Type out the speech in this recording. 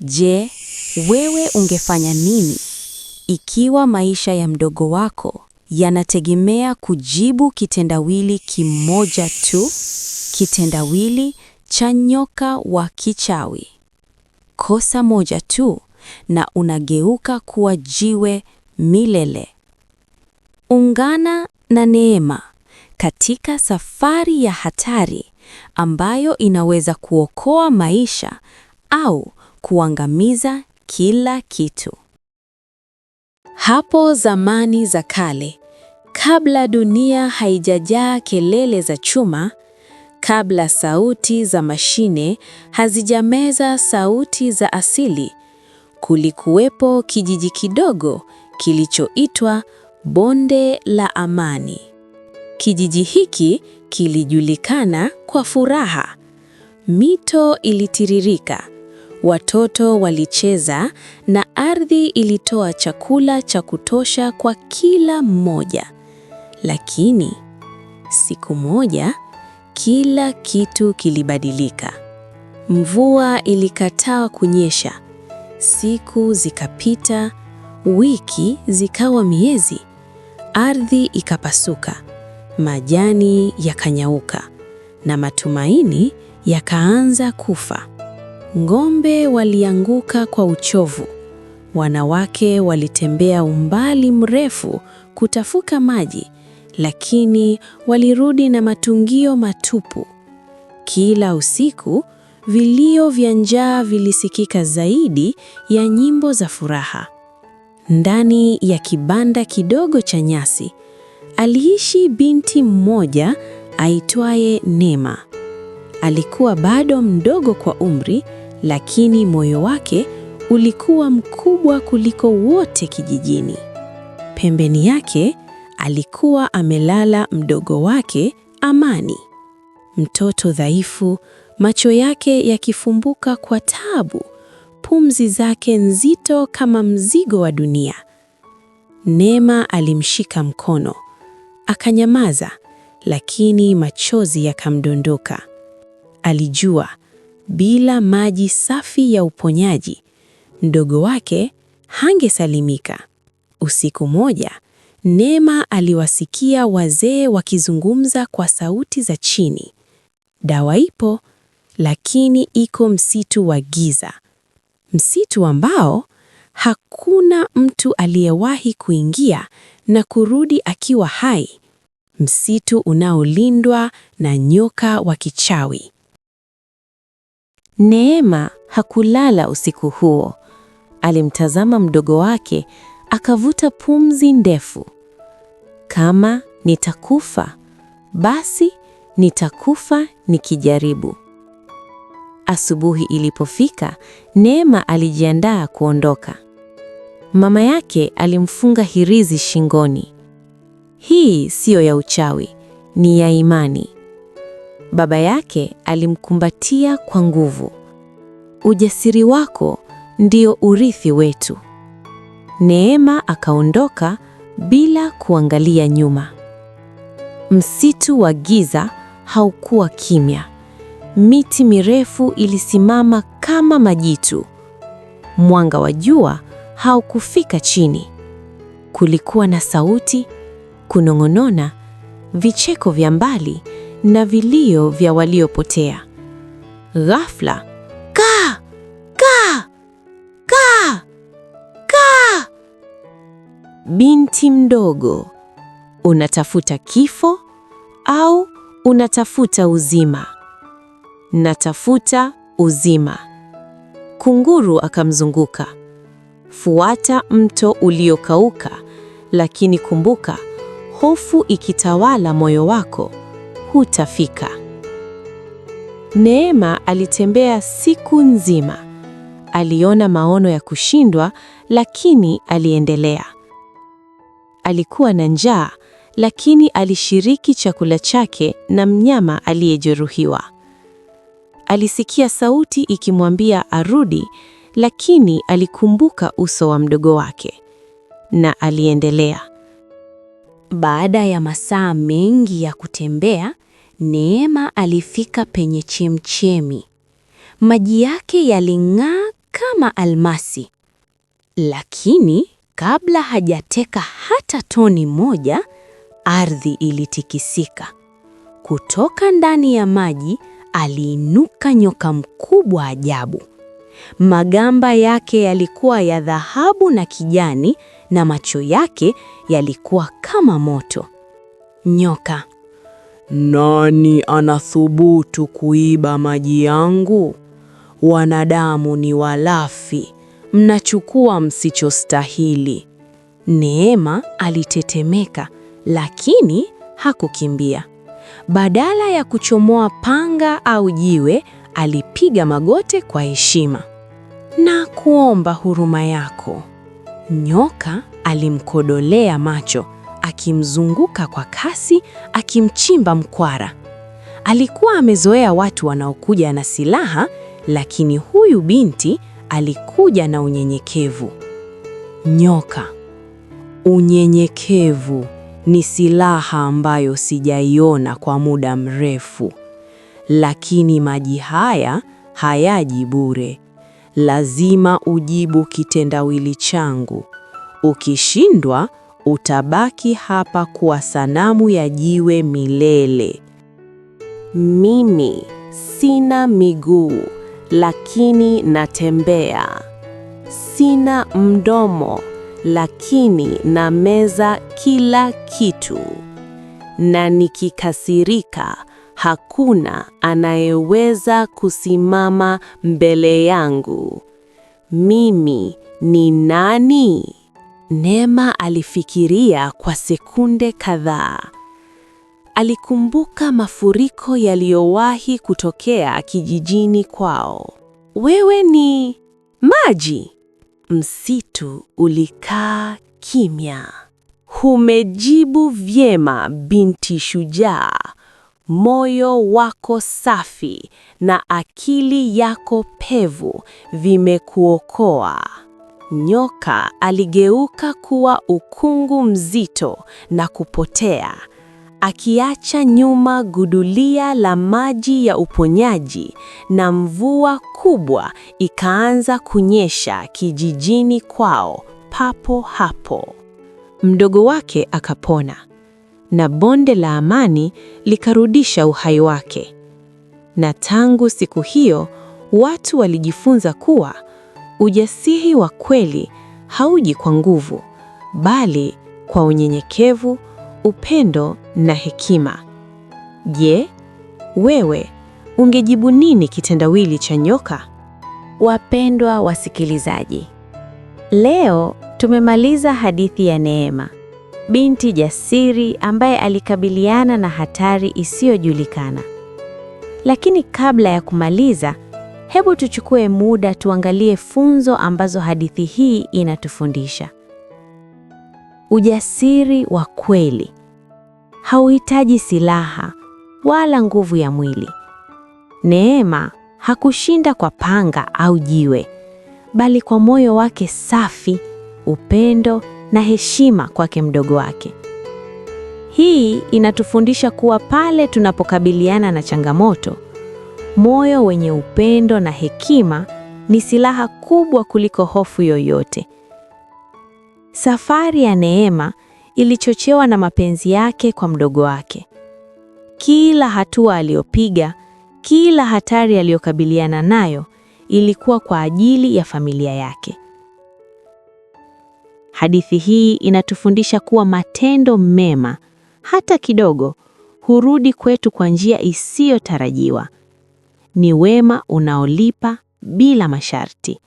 Je, wewe ungefanya nini ikiwa maisha ya mdogo wako yanategemea kujibu kitendawili kimoja tu, kitendawili cha nyoka wa kichawi? Kosa moja tu na unageuka kuwa jiwe milele. Ungana na Neema katika safari ya hatari ambayo inaweza kuokoa maisha au kuangamiza kila kitu. Hapo zamani za kale, kabla dunia haijajaa kelele za chuma, kabla sauti za mashine hazijameza sauti za asili, kulikuwepo kijiji kidogo kilichoitwa Bonde la Amani. Kijiji hiki kilijulikana kwa furaha. Mito ilitiririka, Watoto walicheza na ardhi ilitoa chakula cha kutosha kwa kila mmoja. Lakini siku moja kila kitu kilibadilika. Mvua ilikataa kunyesha. Siku zikapita, wiki zikawa miezi. Ardhi ikapasuka, majani yakanyauka na matumaini yakaanza kufa. Ng'ombe walianguka kwa uchovu. Wanawake walitembea umbali mrefu kutafuka maji, lakini walirudi na matungio matupu. Kila usiku, vilio vya njaa vilisikika zaidi ya nyimbo za furaha. Ndani ya kibanda kidogo cha nyasi, aliishi binti mmoja aitwaye nema Alikuwa bado mdogo kwa umri, lakini moyo wake ulikuwa mkubwa kuliko wote kijijini. Pembeni yake alikuwa amelala mdogo wake Amani, mtoto dhaifu, macho yake yakifumbuka kwa taabu, pumzi zake nzito kama mzigo wa dunia. Neema alimshika mkono, akanyamaza, lakini machozi yakamdondoka. Alijua bila maji safi ya uponyaji, mdogo wake hangesalimika. Usiku moja, Neema aliwasikia wazee wakizungumza kwa sauti za chini. Dawa ipo, lakini iko msitu wa giza. Msitu ambao hakuna mtu aliyewahi kuingia na kurudi akiwa hai. Msitu unaolindwa na nyoka wa kichawi. Neema hakulala usiku huo. Alimtazama mdogo wake akavuta pumzi ndefu. Kama nitakufa, basi nitakufa nikijaribu. Asubuhi ilipofika, Neema alijiandaa kuondoka. Mama yake alimfunga hirizi shingoni. Hii siyo ya uchawi, ni ya imani. Baba yake alimkumbatia kwa nguvu. Ujasiri wako ndio urithi wetu. Neema akaondoka bila kuangalia nyuma. Msitu wa giza haukuwa kimya. Miti mirefu ilisimama kama majitu. Mwanga wa jua haukufika chini. Kulikuwa na sauti, kunong'onona, vicheko vya mbali na vilio vya waliopotea. Ghafla, ka ka ka ka! Binti mdogo, unatafuta kifo au unatafuta uzima? Natafuta uzima. Kunguru akamzunguka. Fuata mto uliokauka, lakini kumbuka, hofu ikitawala moyo wako hutafika. Neema alitembea siku nzima. Aliona maono ya kushindwa, lakini aliendelea. Alikuwa na njaa, lakini alishiriki chakula chake na mnyama aliyejeruhiwa. Alisikia sauti ikimwambia arudi, lakini alikumbuka uso wa mdogo wake na aliendelea. Baada ya masaa mengi ya kutembea, Neema alifika penye chemchemi. Maji yake yaling'aa kama almasi. Lakini kabla hajateka hata toni moja, ardhi ilitikisika. Kutoka ndani ya maji aliinuka nyoka mkubwa ajabu. Magamba yake yalikuwa ya dhahabu na kijani na macho yake yalikuwa kama moto. Nyoka: nani anathubutu kuiba maji yangu? Wanadamu ni walafi, mnachukua msichostahili. Neema alitetemeka, lakini hakukimbia. Badala ya kuchomoa panga au jiwe, alipiga magote kwa heshima na kuomba huruma yako. Nyoka alimkodolea macho, akimzunguka kwa kasi, akimchimba mkwara. Alikuwa amezoea watu wanaokuja na silaha, lakini huyu binti alikuja na unyenyekevu. Nyoka, unyenyekevu ni silaha ambayo sijaiona kwa muda mrefu, lakini maji haya hayaji bure lazima ujibu kitendawili changu. Ukishindwa utabaki hapa kuwa sanamu ya jiwe milele. Mimi sina miguu lakini natembea, sina mdomo lakini nameza kila kitu, na nikikasirika hakuna anayeweza kusimama mbele yangu. Mimi ni nani? Neema alifikiria kwa sekunde kadhaa. Alikumbuka mafuriko yaliyowahi kutokea kijijini kwao. Wewe ni maji. Msitu ulikaa kimya. Humejibu vyema, binti shujaa moyo wako safi na akili yako pevu vimekuokoa. Nyoka aligeuka kuwa ukungu mzito na kupotea, akiacha nyuma gudulia la maji ya uponyaji, na mvua kubwa ikaanza kunyesha kijijini kwao papo hapo. Mdogo wake akapona na bonde la amani likarudisha uhai wake. Na tangu siku hiyo watu walijifunza kuwa ujasiri wa kweli hauji kwa nguvu, bali kwa unyenyekevu, upendo na hekima. Je, wewe ungejibu nini kitendawili cha nyoka? Wapendwa wasikilizaji, leo tumemaliza hadithi ya Neema binti jasiri ambaye alikabiliana na hatari isiyojulikana. Lakini kabla ya kumaliza, hebu tuchukue muda tuangalie funzo ambazo hadithi hii inatufundisha. Ujasiri wa kweli hauhitaji silaha wala nguvu ya mwili. Neema hakushinda kwa panga au jiwe, bali kwa moyo wake safi, upendo na heshima kwake mdogo wake. Hii inatufundisha kuwa pale tunapokabiliana na changamoto, moyo wenye upendo na hekima ni silaha kubwa kuliko hofu yoyote. Safari ya Neema ilichochewa na mapenzi yake kwa mdogo wake. Kila hatua aliyopiga, kila hatari aliyokabiliana nayo ilikuwa kwa ajili ya familia yake. Hadithi hii inatufundisha kuwa matendo mema, hata kidogo, hurudi kwetu kwa njia isiyotarajiwa. Ni wema unaolipa bila masharti.